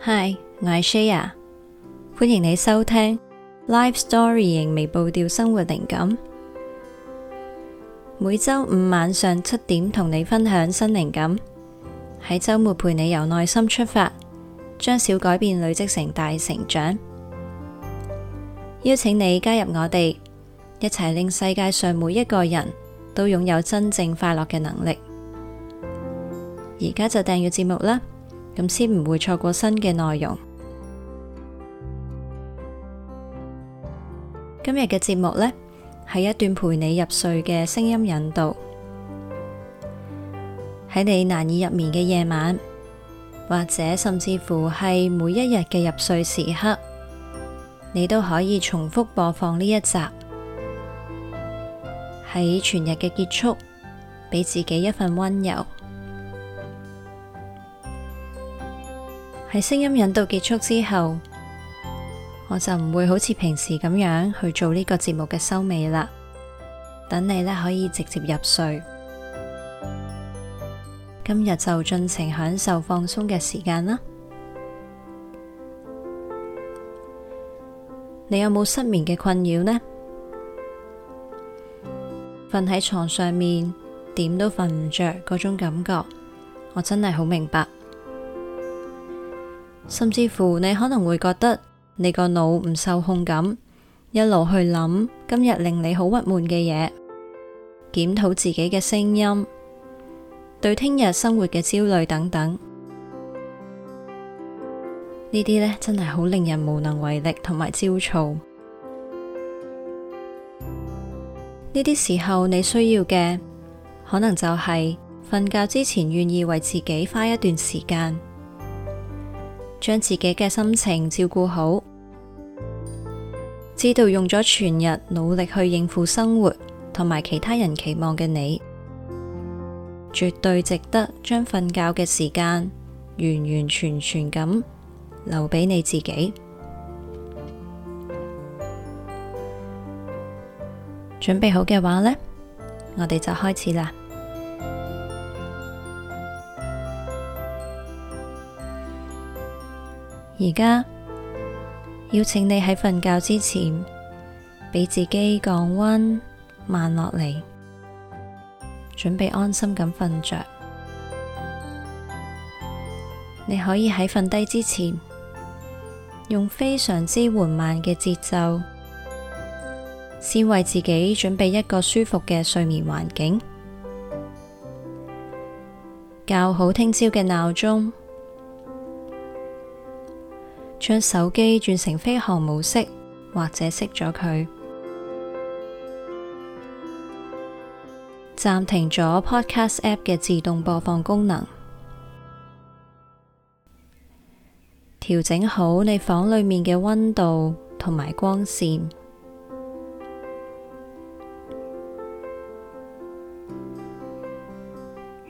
Hi，我係 Shaya，歡迎你收聽 Live Storying 微步調生活靈感。每周五晚上七點同你分享新靈感，喺周末陪你由內心出發，將小改變累積成大成長。邀請你加入我哋，一齊令世界上每一個人都擁有真正快樂嘅能力。而家就訂閱節目啦！咁先唔會錯過新嘅內容。今日嘅節目呢，係一段陪你入睡嘅聲音引導。喺你難以入眠嘅夜晚，或者甚至乎係每一日嘅入睡時刻，你都可以重複播放呢一集。喺全日嘅結束，俾自己一份温柔。喺聲音引導結束之後，我就唔會好似平時咁樣去做呢個節目嘅收尾啦。等你呢，可以直接入睡。今日就盡情享受放鬆嘅時間啦。你有冇失眠嘅困擾呢？瞓喺床上面點都瞓唔着嗰種感覺，我真係好明白。甚至乎，你可能會覺得你個腦唔受控咁，一路去諗今日令你好鬱悶嘅嘢，檢討自己嘅聲音，對聽日生活嘅焦慮等等，呢啲呢真係好令人無能為力同埋焦躁。呢啲時候，你需要嘅可能就係瞓覺之前，願意為自己花一段時間。將自己嘅心情照顧好，知道用咗全日努力去應付生活同埋其他人期望嘅你，絕對值得將瞓覺嘅時間完完全全咁留俾你自己。準備好嘅話咧，我哋就開始啦。而家邀請你喺瞓覺之前，畀自己降溫慢落嚟，準備安心咁瞓着。你可以喺瞓低之前，用非常之緩慢嘅節奏，先為自己準備一個舒服嘅睡眠環境，校好聽朝嘅鬧鐘。將手機轉成飛行模式，或者熄咗佢，暫停咗 Podcast App 嘅自動播放功能，調整好你房裏面嘅温度同埋光線。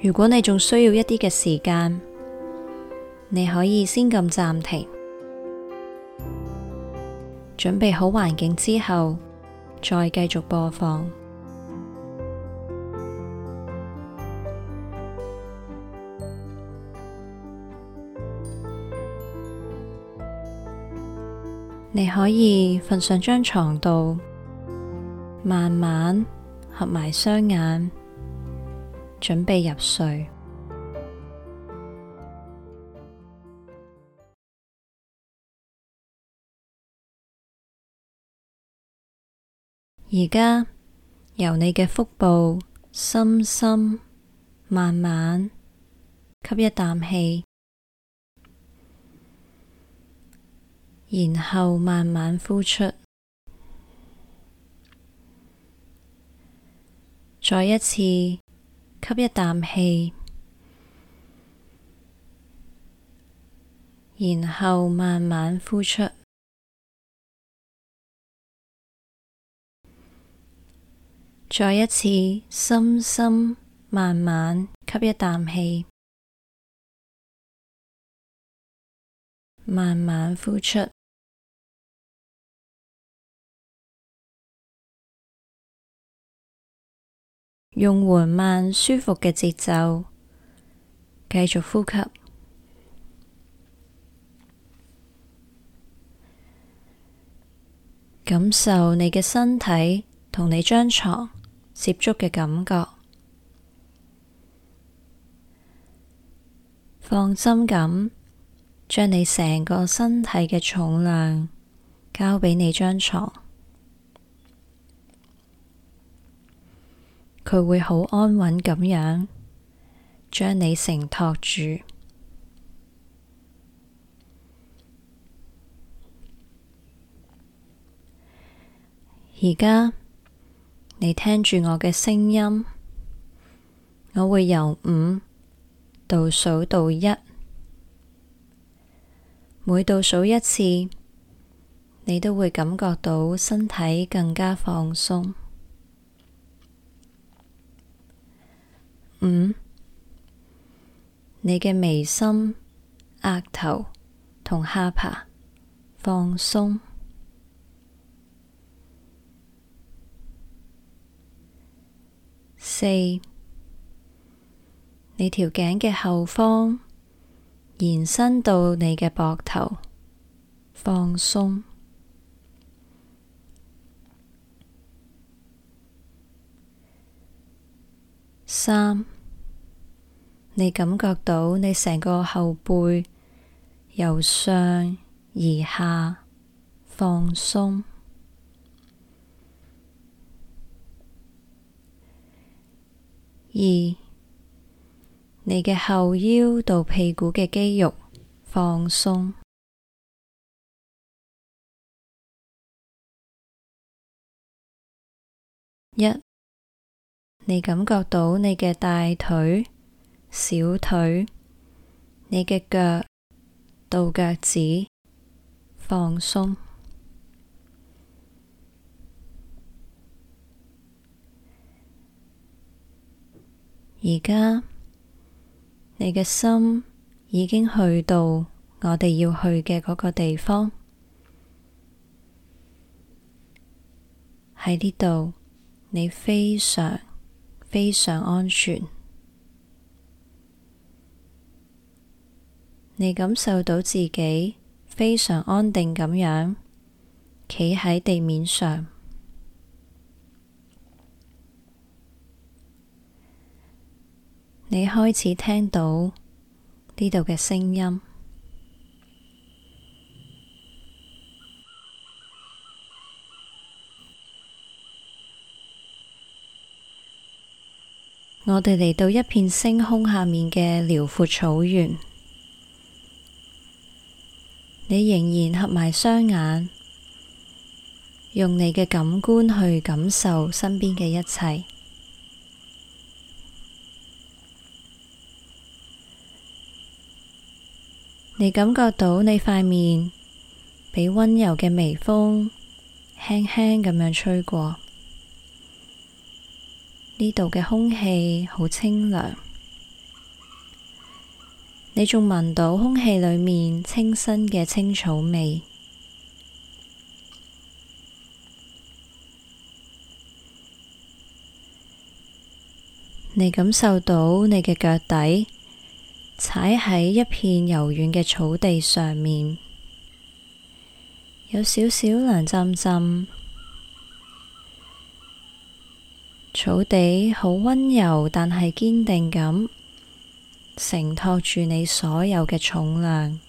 如果你仲需要一啲嘅時間，你可以先撳暫停。準備好環境之後，再繼續播放。 你可以瞓上張床度，慢慢合埋雙眼，準備入睡。而家由你嘅腹部深深慢慢吸一啖氣，然後慢慢呼出。再一次吸一啖氣，然後慢慢呼出。再一次深深慢慢吸一啖氣，慢慢呼出，用緩慢舒服嘅節奏繼續呼吸，感受你嘅身體同你張床。接觸嘅感覺，放心咁將你成個身體嘅重量交畀你張床，佢會好安穩咁樣將你承托住。而家。你聽住我嘅聲音，我會由五倒數到一，每倒數一次，你都會感覺到身體更加放鬆。五，你嘅眉心、額頭同下巴放鬆。四，4，你條頸嘅後方延伸到你嘅膊頭，放鬆。三，你感覺到你成個後背由上而下放鬆。二，你嘅後腰到屁股嘅肌肉放鬆。一，你感覺到你嘅大腿、小腿、你嘅腳到腳趾放鬆。而家你嘅心已經去到我哋要去嘅嗰個地方，喺呢度你非常非常安全，你感受到自己非常安定咁樣企喺地面上。你開始聽到呢度嘅聲音。我哋嚟到一片星空下面嘅遼闊草原，你仍然合埋雙眼，用你嘅感官去感受身邊嘅一切。你感覺到你塊面被溫柔嘅微風輕輕咁樣吹過，呢度嘅空氣好清涼，你仲聞到空氣裏面清新嘅青草味，你感受到你嘅腳底，踩喺一片柔軟嘅草地上面，有少少涼浸浸，草地好溫柔，但係堅定咁承托住你所有嘅重量，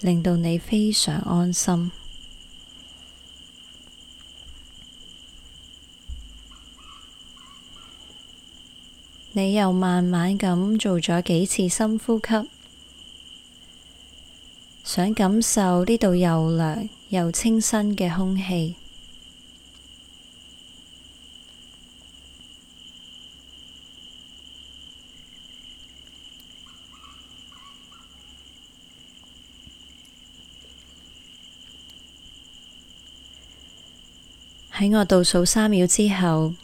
令到你非常安心。你又慢慢咁做咗幾次深呼吸，想感受呢度又涼又清新嘅空氣。喺我倒數三秒之後。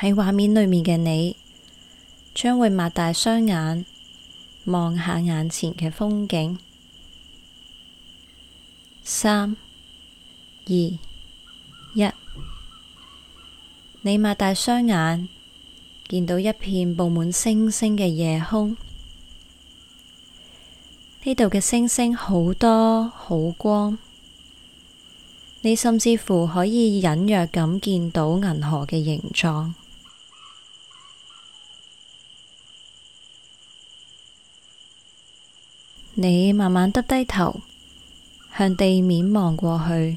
喺畫面裏面嘅你，將會擘大雙眼，望下眼前嘅風景。三、二、一，你擘大雙眼，見到一片布滿星星嘅夜空。呢度嘅星星好多，好光。你甚至乎可以隱約咁見到銀河嘅形狀。你慢慢耷低頭，向地面望過去，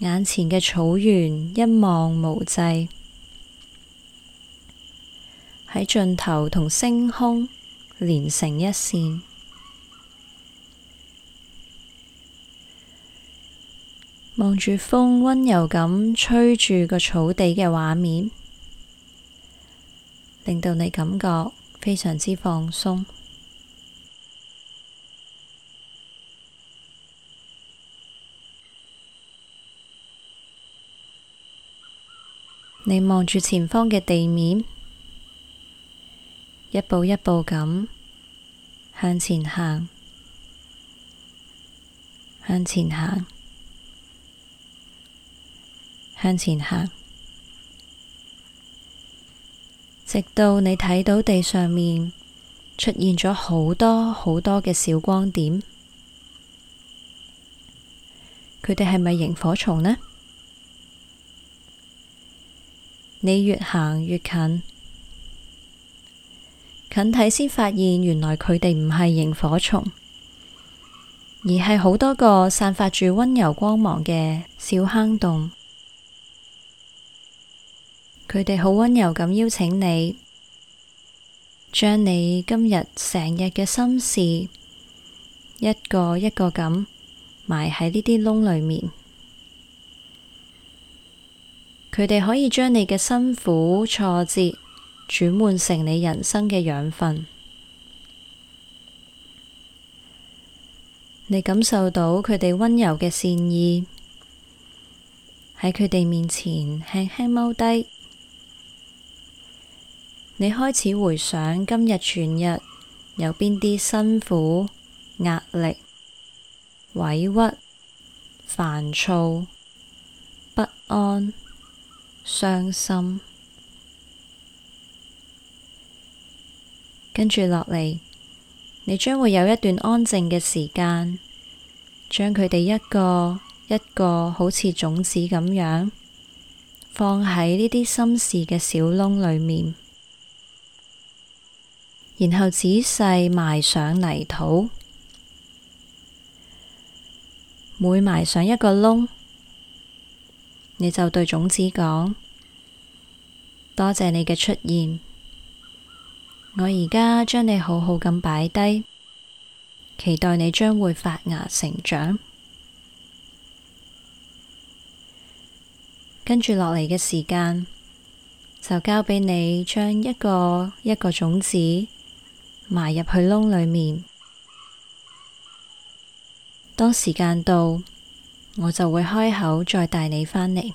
眼前嘅草原一望無際，喺盡頭同星空連成一線，望住風溫柔咁吹住個草地嘅畫面，令到你感覺非常之放鬆。你望住前方嘅地面，一步一步咁向前行，向前行，向前行，直到你睇到地上面出現咗好多好多嘅小光點，佢哋係咪螢火蟲呢？你越行越近，近睇先發現，原來佢哋唔係螢火蟲，而係好多個散發住溫柔光芒嘅小坑洞。佢哋好溫柔咁邀請你，將你今日成日嘅心事一個一個咁埋喺呢啲窿裏面。佢哋可以將你嘅辛苦挫折，轉換成你人生嘅養分。你感受到佢哋溫柔嘅善意，喺佢哋面前輕輕踎低。你開始回想今日全日有邊啲辛苦、壓力、委屈、煩躁、不安。傷心，跟住落嚟，你將會有一段安靜嘅時間，將佢哋一個一個好似種子咁樣，放喺呢啲心事嘅小窿裏面，然後仔細埋上泥土。每埋上一個窿，你就對種子講。多謝你嘅出現，我而家將你好好咁擺低，期待你將會發芽成長。跟住落嚟嘅時間，就交俾你將一個一個種子埋入去窿裏面。當時間到，我就會開口再帶你翻嚟。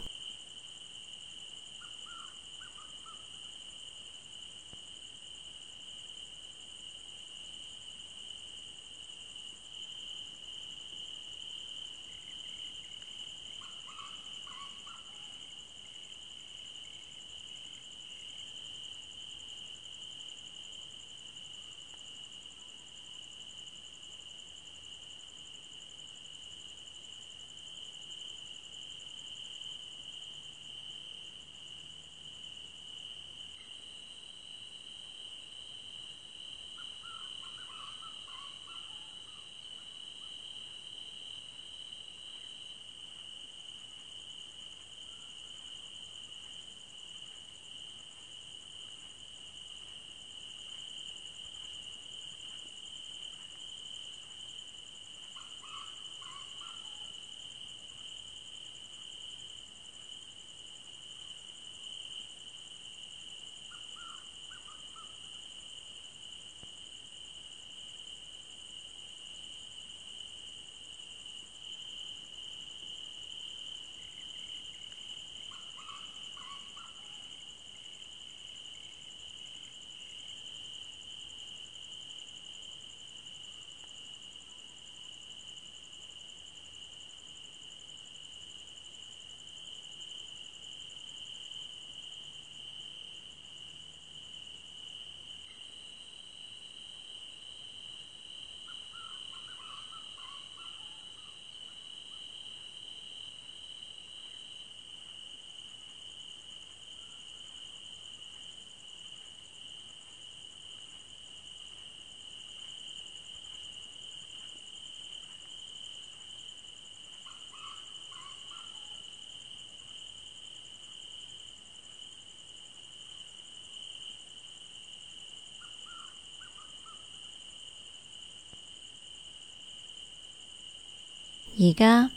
而家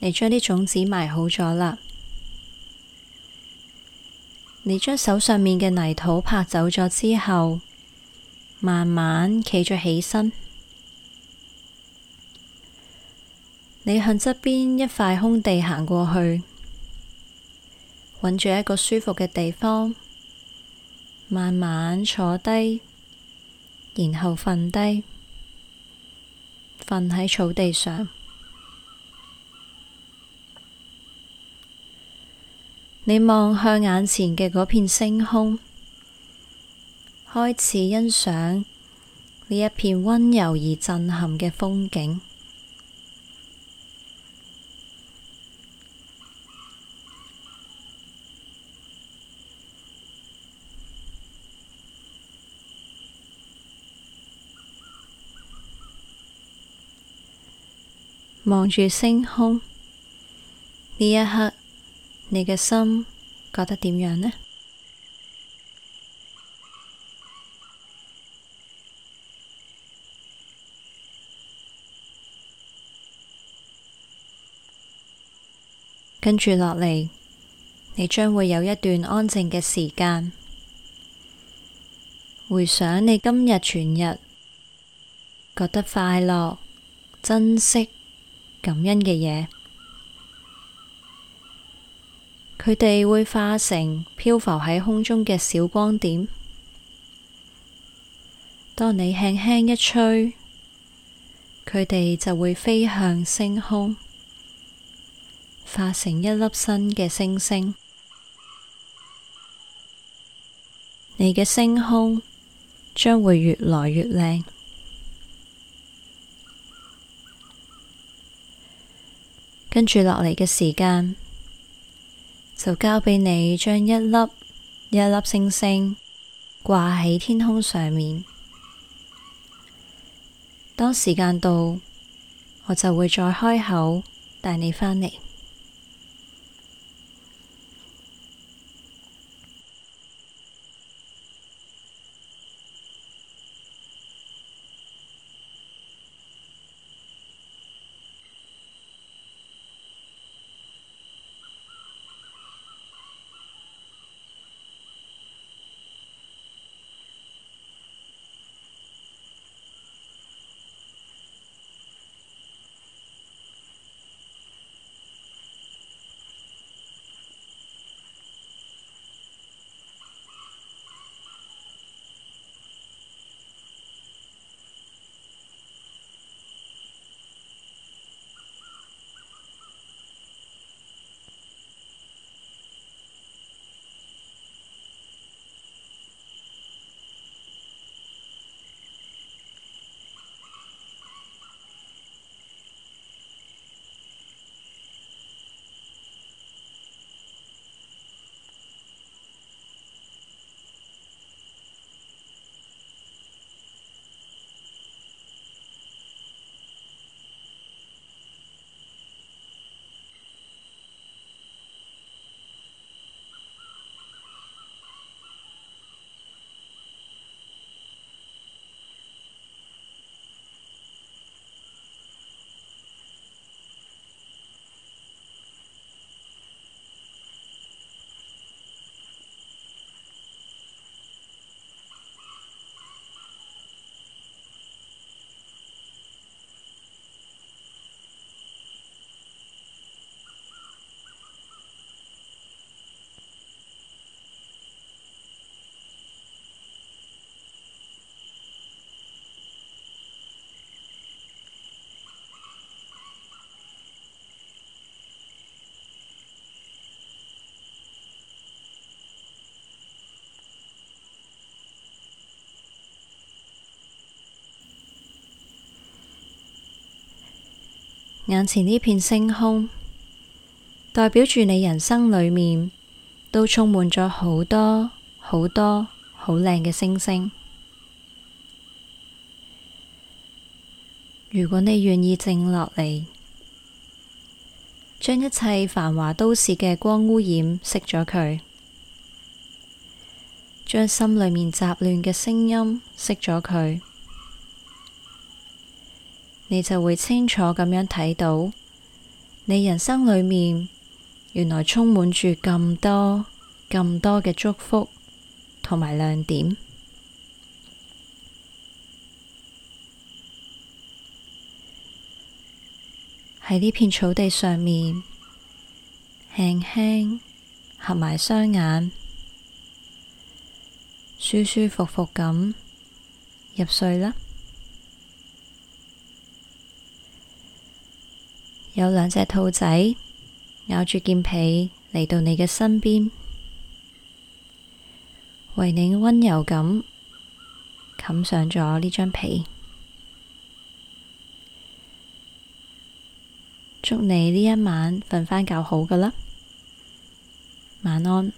你將啲種子埋好咗啦。你將手上面嘅泥土拍走咗之後，慢慢企咗起身。你向側邊一塊空地行過去，揾住一個舒服嘅地方，慢慢坐低，然後瞓低，瞓喺草地上。你望向眼前嘅嗰片星空，開始欣賞呢一片溫柔而震撼嘅風景。望住星空，呢一刻。你嘅心覺得點樣呢？跟住落嚟，你將會有一段安靜嘅時間，回想你今日全日覺得快樂、珍惜、感恩嘅嘢。佢哋會化成漂浮喺空中嘅小光點，當你輕輕一吹，佢哋就會飛向星空，化成一粒新嘅星星。你嘅星空將會越來越靚。跟住落嚟嘅時間。就交畀你將一粒一粒星星掛喺天空上面，當時間到，我就會再開口帶你返嚟。眼前呢片星空，代表住你人生裏面都充滿咗好多好多好靚嘅星星。如果你願意靜落嚟，將一切繁華都市嘅光污染熄咗佢，將心裏面雜亂嘅聲音熄咗佢。你就會清楚咁樣睇到，你人生裏面原來充滿住咁多咁多嘅祝福同埋亮點。喺呢片草地上面，輕輕合埋雙眼，舒舒服服咁入睡啦。有兩隻兔仔咬住件被嚟到你嘅身邊，為你溫柔咁冚上咗呢張被，祝你呢一晚瞓返覺好㗎啦，晚安。